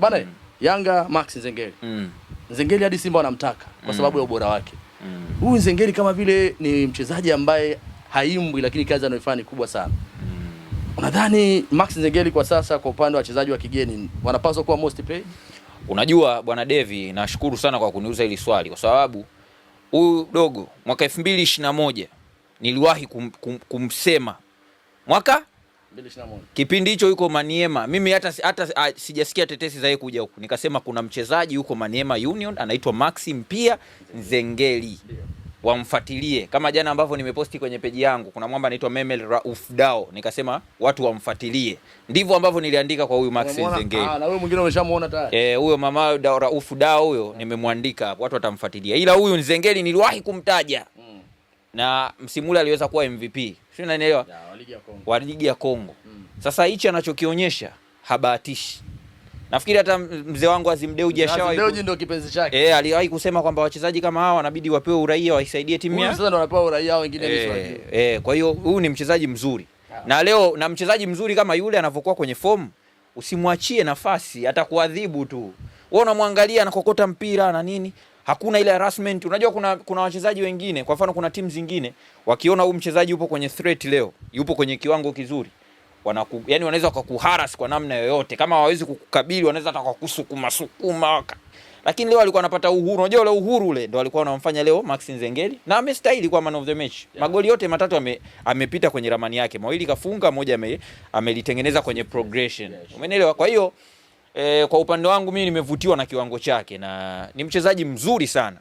Bana mm. Yanga Max Nzengeli mm. Nzengeli hadi Simba wanamtaka kwa mm. sababu ya ubora wake mm. huyu mm. Nzengeli kama vile ni mchezaji ambaye haimbwi, lakini kazi anayofanya ni kubwa sana mm. Unadhani Max Nzengeli kwa sasa kwa upande wa wachezaji wa kigeni wanapaswa kuwa most paid? Unajua bwana Devi, nashukuru sana kwa kuniuza hili swali kwa sababu huyu dogo mwaka 2021 niliwahi kum, kum, kumsema mwaka Kipindi hicho yuko Maniema, mimi hata, hata ah, sijasikia tetesi za yeye kuja huku. Nikasema kuna mchezaji yuko Maniema Union anaitwa Maxi Mpia Nzengeli, wamfuatilie kama jana ambavyo nimeposti kwenye peji yangu. Kuna mwamba anaitwa Memel Rauf Dao, nikasema watu wamfuatilie. Ndivyo ambavyo niliandika kwa huyu Maxi ah, Nzengeli. na huyo mwingine umeshamuona tayari eh, huyo mama Dao Rauf Dao huyo nimemwandika watu watamfuatilia, ila huyu Nzengeli niliwahi kumtaja mm. na msimu ule aliweza kuwa MVP, sio, unanielewa? wa ligi ya Kongo mm. Sasa hichi anachokionyesha habahatishi. Nafikiri hata mzee wangu Azimdeuji ashawahi ndio kipenzi chake. Eh, aliwahi kusema kwamba wachezaji kama hawa wanabidi wapewe uraia waisaidie timu yao. Sasa ndio wanapewa uraia wengine eh, eh, kwa hiyo huyu ni mchezaji mzuri ah. Na leo na mchezaji mzuri kama yule anavyokuwa kwenye fomu usimwachie nafasi, atakuadhibu tu. Wewe unamwangalia anakokota mpira na nini, hakuna ile harassment. Unajua kuna, kuna wachezaji wengine, kwa mfano kuna timu zingine wakiona huyu mchezaji yupo kwenye threat leo, yupo kwenye kiwango kizuri wanaku, yani wanaweza wakakuharas kwa namna yoyote, kama hawawezi kukukabili wanaweza hata kukusukuma sukuma, waka. lakini leo alikuwa anapata uhuru. Unajua ule uhuru ule ndo alikuwa anamfanya leo Max Nzengeli, na amestahili kwa man of the match yeah. Magoli yote matatu ame, amepita kwenye ramani yake, mawili kafunga, moja amelitengeneza ame kwenye progression, umeelewa? Kwa hiyo e, kwa upande wangu mimi nimevutiwa na kiwango chake na ni mchezaji mzuri sana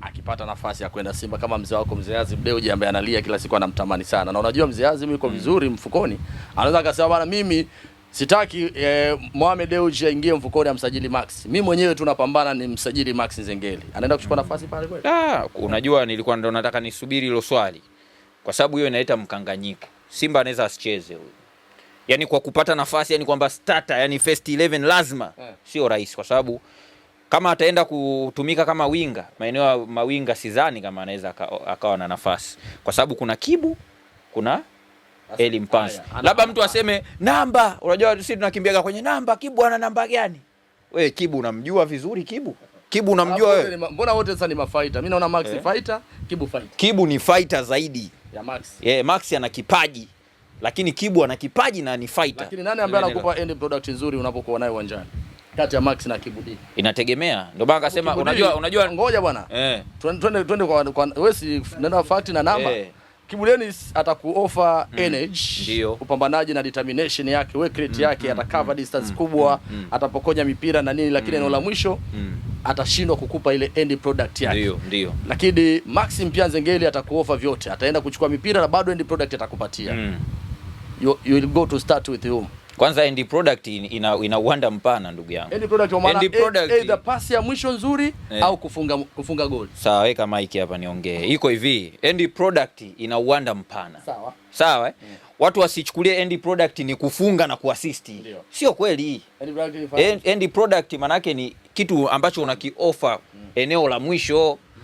akipata nafasi ya kwenda Simba kama mzee wako mzee Azim Dewji ambaye analia kila siku anamtamani sana, na unajua mzee Azim yuko mm. vizuri mm. mfukoni, anaweza akasema bana, mimi sitaki eh, Mohamed Dewji aingie mfukoni amsajili Max, mimi mwenyewe tu napambana ni msajili Max Nzengeli, anaenda kuchukua mm. nafasi pale kweli? Ah, unajua nilikuwa ndo nataka nisubiri hilo swali, kwa sababu hiyo inaleta mkanganyiko. Simba anaweza asicheze huyo yani kwa kupata nafasi yani kwamba starter yani first 11 lazima yeah. Sio rahisi kwa sababu kama ataenda kutumika kama winga maeneo ya mawinga, sidhani kama anaweza akawa na nafasi, kwa sababu kuna Kibu, kuna Eli Labda mtu aseme namba, unajua sisi tunakimbiaga kwenye namba. Kibu ana namba gani? We Kibu unamjua vizuri? Kibu Kibu unamjua ah, wewe? Mbona wote sasa ni mafighter? Mimi naona Max eh. fighter, Kibu fighter. Kibu ni fighter zaidi ya Max. Yeah, Max ana kipaji lakini Kibu ana kipaji na ni fighter. Lakini nani ambaye anakupa end product nzuri unapokuwa naye uwanjani? Kati ya Max na Kibu D. Inategemea. Ndio maana akasema unajua unajua ngoja bwana. Eh. Twende twende kwa, kwa wewe si nenda fact na namba. Eh. Kibu Denis atakuofa mm. energy Ndiyo. upambanaji na determination yake, work rate mm. yake, mm, ata cover mm, distance mm. kubwa, mm, mm. atapokonya mipira na nini, lakini mm. eneo la mwisho mm atashindwa kukupa ile end product yake. Ndio, ndio. Lakini Maxim pia Nzengeli atakuofa vyote, ataenda kuchukua mipira na bado end product atakupatia mm you, you will go to start with you kwanza end product ina ina uwanda mpana ndugu yangu. End product kwa maana either pass ya mwisho nzuri yeah, au kufunga kufunga goal. Sawa, weka mic hapa niongee. Iko hivi, end product ina uwanda mpana. Sawa. Sawa eh? Yeah. Hmm. Watu wasichukulie end product ni kufunga na kuassist. Sio kweli. End product ni end, end product maana yake ni kitu ambacho unakiofa mm, eneo la mwisho. Mm.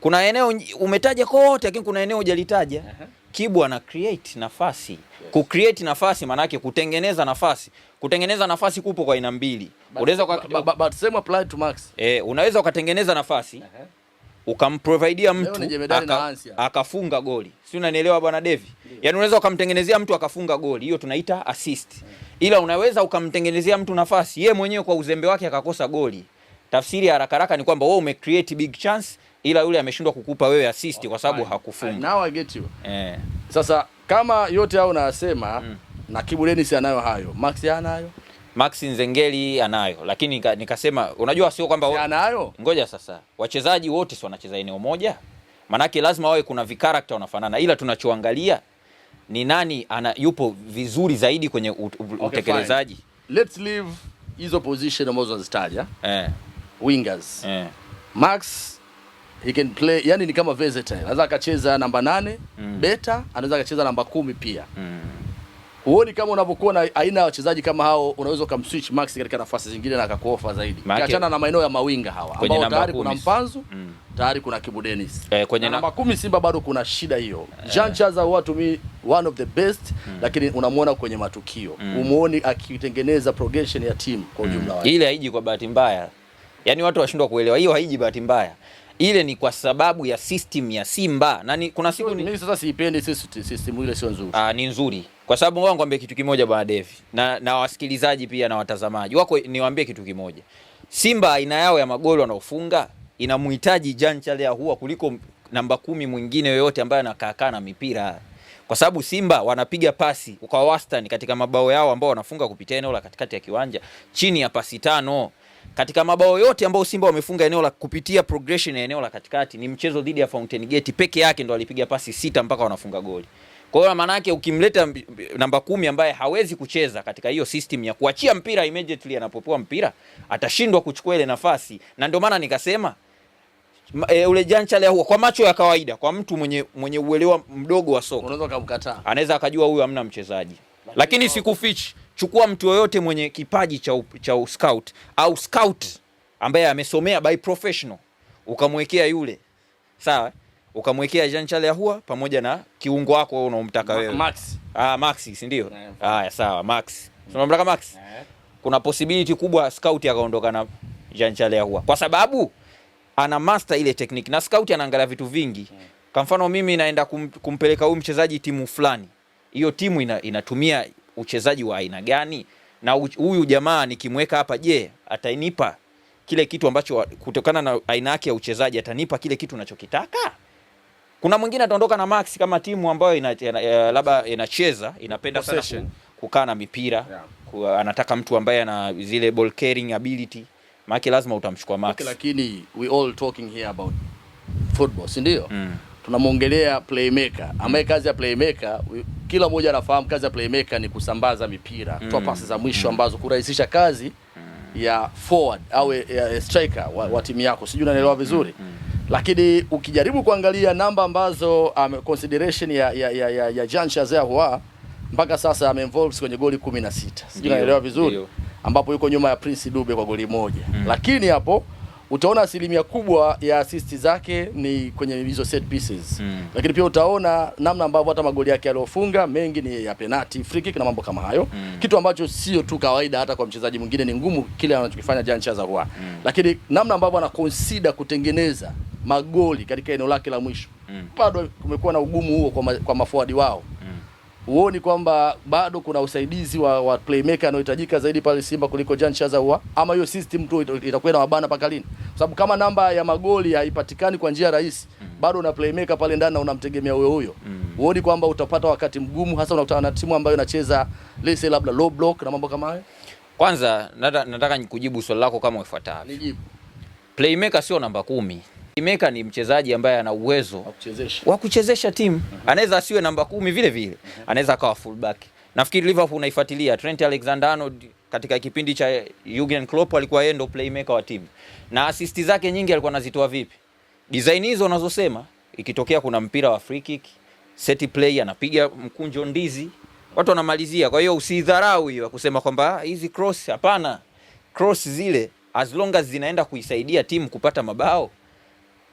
Kuna eneo umetaja kote lakini kuna eneo hujalitaja. Uh -huh. Kibu ana create nafasi yes. Ku create nafasi yake kutengeneza nafasi, kutengeneza nafasi kupo kwa aina mbili. Unaweza but same apply to Max eh, unaweza ukatengeneza nafasi uh -huh. Ukamprovidea mtu aka, akafunga goli, si unanielewa bwana Devi? Yaani unaweza ukamtengenezea mtu akafunga goli, hiyo tunaita assist, ila unaweza ukamtengenezea mtu nafasi, ye mwenyewe kwa uzembe wake akakosa goli. Tafsiri ya haraka haraka ni kwamba wewe umecreate big chance ila yule ameshindwa kukupa wewe assist kwa sababu hakufunga. Now I get you. Eh. Sasa kama yote hao unasema mm. na Kibuleni si anayo hayo, Max anayo Max Nzengeli anayo, lakini nikasema nika unajua, sio kwamba anayo. Ngoja sasa, wachezaji wote si wanacheza eneo moja, maanake lazima wawe kuna vikarakta wanafanana, ila tunachoangalia ni nani ana, yupo vizuri zaidi kwenye utekelezaji. Okay, let's leave hizo position ambazo unazitaja eh, wingers eh, Max he can play, yani ni kama versatile. Eh. Anaweza akacheza namba nane mm. beta, anaweza akacheza namba kumi pia mm. Huoni kama unapokuwa na aina ya wachezaji kama hao unaweza ukamswitch Max katika nafasi zingine na akakuofa zaidi. Ukiachana na maeneo ya mawinga hawa ambao tayari kuna Mpanzu, mm. tayari kuna Kibu Dennis. Eh, kwenye na namba kumi Simba bado kuna shida hiyo. Eh. Jean Chaza huwa to me one of the best mm. lakini unamwona kwenye matukio. Mm. Umuoni akitengeneza progression ya team kwa mm. ujumla mm. wake. Ile haiji kwa bahati mbaya. yani watu washindwa kuelewa. Hiyo haiji bahati mbaya ile ni kwa sababu ya system ya Simba na ni, kuna siku ni... sasa siipendi system ile, sio nzuri. Ah, ni nzuri kwa sababu ngoja ngwambie kitu kimoja bwana Devi na, na wasikilizaji pia na watazamaji wako, niwaambie kitu kimoja. Simba aina yao ya magoli wanaofunga inamhitaji Jean Charles Ahoua kuliko namba kumi mwingine yoyote ambaye anakaakaa na mipira kwa sababu Simba wanapiga pasi kwa wastani katika mabao yao ambao wanafunga kupitia eneo la katikati ya kiwanja chini ya pasi tano katika mabao yote ambayo Simba wamefunga eneo la kupitia progression ya eneo la katikati ni mchezo dhidi ya Fountain Gate peke yake ndo alipiga pasi sita mpaka wanafunga goli. Kwa hiyo maana yake ukimleta namba kumi ambaye hawezi kucheza katika hiyo system ya kuachia mpira immediately anapopewa mpira atashindwa kuchukua ile nafasi, na ndio maana nikasema E, ule Janchale huwa kwa macho ya kawaida kwa mtu mwenye mwenye uelewa mdogo wa soka unaweza kumkataa, anaweza akajua huyu hamna mchezaji, lakini sikufichi chukua mtu yoyote mwenye kipaji cha, cha scout au scout ambaye amesomea by professional, ukamwekea yule sawa, ukamwekea Jean Charles Ahoua pamoja na kiungo wako wewe unaomtaka wewe Max. Ah, Max si ndio? Haya, yeah, ah, sawa Max, unamtaka Max. yeah. Kuna possibility kubwa scout akaondoka na Jean Charles Ahoua kwa sababu ana master ile technique, na scout anaangalia vitu vingi. Kwa mfano mimi naenda kumpeleka huyu mchezaji timu fulani, hiyo timu ina, inatumia uchezaji wa aina gani, na huyu jamaa nikimweka hapa, je, atanipa kile kitu ambacho kutokana na aina yake ya uchezaji atanipa kile kitu nachokitaka? Kuna mwingine ataondoka na Max kama timu ambayo ina, labda inacheza inapenda sana kukaa na mipira yeah. Ku, anataka mtu ambaye ana zile ball carrying ability, maana lazima utamchukua Max. Okay, lakini we all talking here about football, si ndio? mm tunamwongelea playmaker ambaye kazi ya playmaker kila mmoja anafahamu kazi ya playmaker ni kusambaza mipira mm. toa pasi za mm. mwisho ambazo kurahisisha kazi mm. ya forward au ya striker wa, wa timu yako, sijui unanielewa vizuri mm. mm Lakini ukijaribu kuangalia namba ambazo um, consideration ya, ya, ya, ya, ya Jean Chazea Ahoua mpaka sasa involves kwenye goli 16 sijui unanielewa vizuri, ambapo yuko nyuma ya Prince Dube kwa goli moja mm Lakini hapo utaona asilimia kubwa ya assist zake ni kwenye hizo set pieces mm. Lakini pia utaona namna ambavyo hata magoli yake aliyofunga mengi ni ya penalty, free kick na mambo kama hayo mm. Kitu ambacho sio tu kawaida, hata kwa mchezaji mwingine ni ngumu kile anachokifanya Jan Chaza huwa mm. Lakini namna ambavyo ana consider kutengeneza magoli katika eneo lake la mwisho mm. Bado kumekuwa na ugumu huo kwa, ma, kwa mafuadi wao hmm. huoni mm. Kwamba bado kuna usaidizi wa, wa playmaker anaohitajika zaidi pale Simba kuliko Jan Chaza huwa ama hiyo system tu itakwenda wabana mpaka lini? sababu kama namba ya magoli haipatikani kwa njia rahisi mm. bado una playmaker pale ndani na unamtegemea huyo huyo mm. huoni kwamba utapata wakati mgumu, hasa unakutana na timu ambayo inacheza lese labda low block na mambo kama hayo. Kwanza nata, nataka nikujibu swali lako kama ifuatavyo. Nijibu. Playmaker sio namba kumi. Playmaker ni mchezaji ambaye ana uwezo wa kuchezesha timu uh mhm. -huh. anaweza asiwe namba kumi vile vile uh mhm. -huh. anaweza akawa fullback. Nafikiri Liverpool unaifuatilia Trent Alexander-Arnold katika kipindi cha Jurgen Klopp alikuwa yeye ndo playmaker wa timu na assist zake nyingi alikuwa anazitoa vipi? Design hizo unazosema, ikitokea kuna mpira wa free kick, set play anapiga mkunjo ndizi, watu wanamalizia. Kwa hiyo usidharau hiyo kusema kwamba ah, hizi cross, hapana. Cross zile as long as zinaenda kuisaidia timu kupata mabao,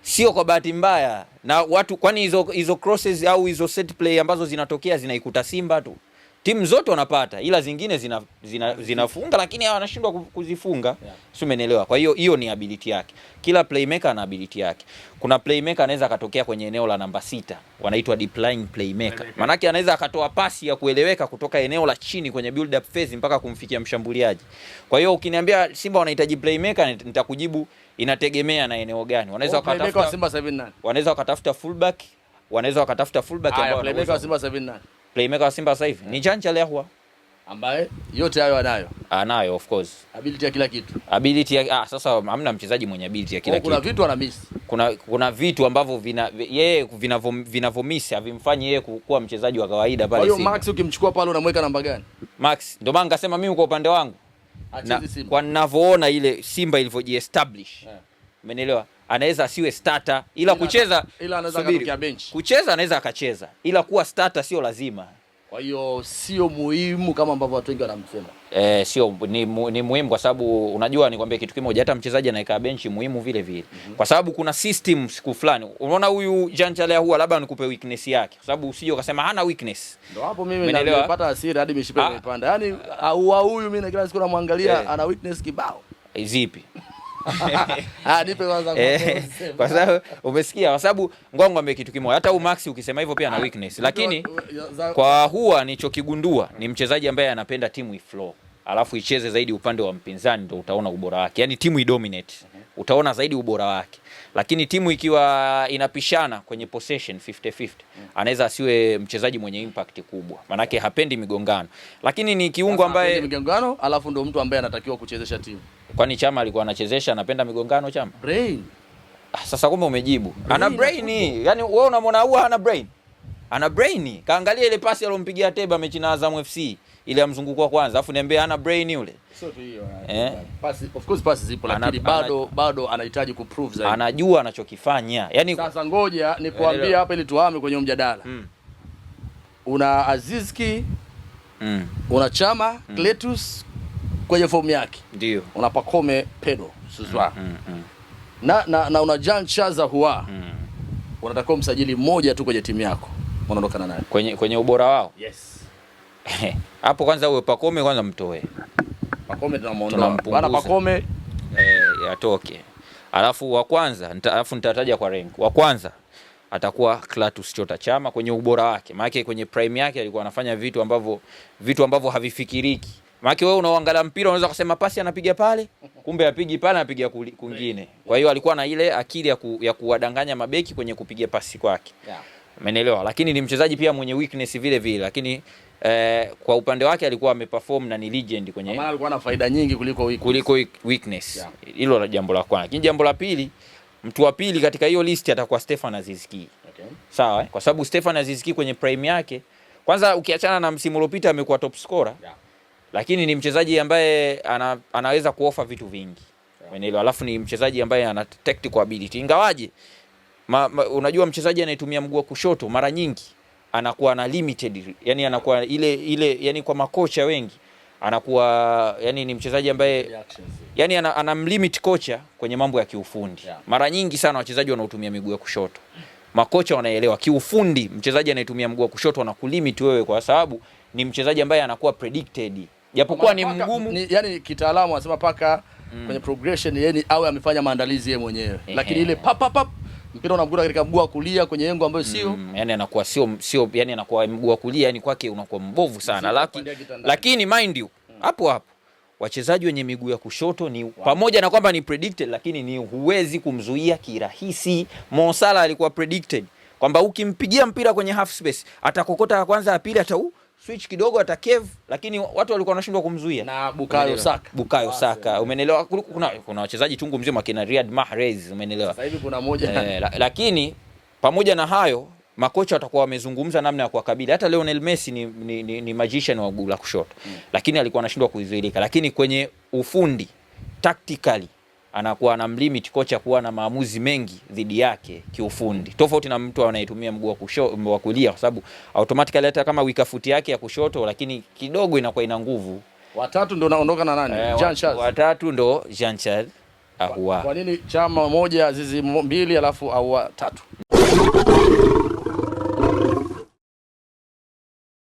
sio kwa bahati mbaya. Na watu kwani hizo hizo crosses au hizo set play ambazo zinatokea zinaikuta Simba tu timu zote wanapata, ila zingine zina, zina, zinafunga, lakini hawa wanashindwa kuzifunga yeah. si umenielewa? Kwa hiyo hiyo ni ability yake, kila playmaker ana ability yake. Kuna playmaker anaweza akatokea kwenye eneo la namba sita, wanaitwa deep lying playmaker, maanake anaweza akatoa pasi ya kueleweka kutoka eneo la chini kwenye build up phase mpaka kumfikia mshambuliaji. Kwa hiyo ukiniambia Simba wanahitaji playmaker, nitakujibu inategemea na eneo gani. Wanaweza oh, wakatafuta, wanaweza wakatafuta fullback, wanaweza wakatafuta fullback ambao playmaker wa Simba 78 playmaker wa Simba sasa hivi ni Janja Lehwa ambaye yote hayo anayo, anayo of course, ability ya kila kitu, ability ya ah, sasa hamna mchezaji mwenye ability ya kila kuna kitu. Kuna vitu ana miss, kuna kuna vitu ambavyo vina yeye vinavyo vinavyo miss havimfanyi yeye kuwa mchezaji wa kawaida pale. Kwa hiyo Max ukimchukua pale unamweka namba gani? Max ndio maana ngasema mimi kwa upande wangu na, kwa ninavyoona ile Simba ilivyojiestablish yeah. Umeelewa? Anaweza asiwe starter ila, kucheza ila anaweza kutoka bench. Kucheza anaweza akacheza ila kuwa starter sio lazima. Kwa hiyo sio muhimu kama ambavyo watu wengi wanamsema. Eh, sio ni, mu, ni muhimu kwa sababu unajua nikwambie kitu kimoja, hata mchezaji anayekaa benchi muhimu vile vile mm -hmm. Kwa sababu kuna system siku fulani, unaona huyu Jean Charles huwa labda nikupe weakness yake, kwa sababu usije ukasema hana weakness. Ndio hapo mimi nilipata hasira hadi mishipa ah. imepanda. Yaani huyu mimi na kila siku namwangalia eh. ana weakness kibao. Eh, zipi? Ah, nipe kwanza eh, kwa sababu umesikia, kwa sababu Ngwangwa kitu kimoja, hata Max ukisema hivyo pia ana weakness, lakini kwa huwa nichokigundua ni mchezaji ambaye anapenda timu iflow alafu icheze zaidi upande wa mpinzani, ndo utaona ubora wake, yani timu idominate utaona zaidi ubora wake, lakini timu ikiwa inapishana kwenye possession 50-50 anaweza asiwe mchezaji mwenye impact kubwa, manake hapendi migongano, lakini ni kiungo ambaye hapendi migongano, alafu ndio mtu ambaye anatakiwa kuchezesha timu. Kwani Chama alikuwa anachezesha anapenda migongano? Chama brain. Ah, sasa kumbe umejibu ana brain yani wewe unamwona huwa ana brain, ana brain. Kaangalia ile pasi alompigia Teba mechi na Azam FC ile ya mzunguko wa kwanza, afu niambie ana brain yule. Eh? bado anahitaji kuprove zaidi. Anajua anachokifanya. yani... sasa ngoja nikuambie hapa ili tuhame kwenye mjadala. Mm. Una Aziski mm. Una Chama mm. Cletus kwenye fomu yake. Ndio. Una Pakome Pedro Suzwa Mm, mm, mm. Na, na, na una Jean Chaza Hua. Mm. Unatakiwa msajili mmoja tu kwenye timu yako. Unaondokana naye. Kwenye kwenye ubora wao? Yes hapo kwanza uwe Pakome kwanza mtoe Pakome, tunamuondoa bana Pakome eh, yatoke. Alafu wa kwanza nita, alafu nitataja kwa rank. Wa kwanza atakuwa Clatous Chota Chama kwenye ubora wake, maana kwenye prime yake alikuwa anafanya vitu ambavyo vitu ambavyo havifikiriki. Maana wewe unaoangalia mpira unaweza kusema pasi anapiga pale, kumbe apigi pale, anapiga kwingine. Kwa hiyo alikuwa na ile akili ya, ku, ya kuwadanganya mabeki kwenye kupiga pasi kwake, yeah. Umeelewa? Lakini ni mchezaji pia mwenye weakness vile vile, lakini eh, kwa upande wake alikuwa ameperform na ni legend kwenye, maana alikuwa na faida nyingi kuliko weakness, kuliko weakness. Hilo yeah. la jambo la kwanza, lakini jambo la pili, mtu wa pili katika hiyo list atakuwa Stefan Aziz Ki okay. Sawa eh? kwa sababu Stefan Aziz Ki kwenye prime yake kwanza, ukiachana na msimu uliopita amekuwa top scorer yeah. lakini ni mchezaji ambaye ana, anaweza kuofa vitu vingi Menelo, alafu ni mchezaji ambaye ana tactical ability ingawaje ma, ma, unajua mchezaji anayetumia mguu wa kushoto mara nyingi anakuwa na limited, yani anakuwa ile ile, yani kwa makocha wengi anakuwa yani ni mchezaji ambaye yani anamlimit kocha kwenye mambo ya kiufundi yeah. Mara nyingi sana wachezaji wanaotumia miguu ya kushoto, makocha wanaelewa kiufundi, mchezaji anayetumia mguu wa kushoto anakulimit wewe, kwa sababu ni mchezaji ambaye anakuwa predicted, japokuwa ni mgumu ni, yani kitaalamu anasema paka mm. kwenye progression, yani awe amefanya maandalizi yeye mwenyewe, lakini ile pap pap mpira unamkuta katika mguu wa kulia kwenye engo ambayo sio mm, yani anakuwa sio sio yani anakuwa mguu wa kulia yani kwake unakuwa mbovu sana laki, lakini mind you mm. hapo mm, hapo wachezaji wenye miguu ya kushoto ni wow, pamoja na kwamba ni predicted lakini ni huwezi kumzuia kirahisi. Mo Salah alikuwa predicted kwamba ukimpigia mpira kwenye half space atakokota ya kwanza ya pili atau switch kidogo atakevu, lakini watu walikuwa wanashindwa kumzuia na Bukayo Saka. Bukayo Saka, eh. umeelewa? Kuna kuna wachezaji chungu mzima kina Riyad Mahrez, umeelewa? Sasa hivi kuna moja e, la, lakini pamoja na hayo makocha watakuwa wamezungumza namna ya kuwakabili. Hata Lionel Messi ni, ni, ni, ni magician wa gula kushoto mm, lakini alikuwa anashindwa kuizuilika, lakini kwenye ufundi tactically anakuwa na mlimit kocha kuwa na maamuzi mengi dhidi yake kiufundi, tofauti na mtu anayetumia mguu wa kulia, kwa sababu automatically hata kama wikafuti yake ya kushoto, lakini kidogo inakuwa ina nguvu. Watatu ndo naondoka na nani? E, Jean Charles. Watatu ndo Jean Charles Ahua. Kwa nini chama moja zizi mbili alafu au tatu?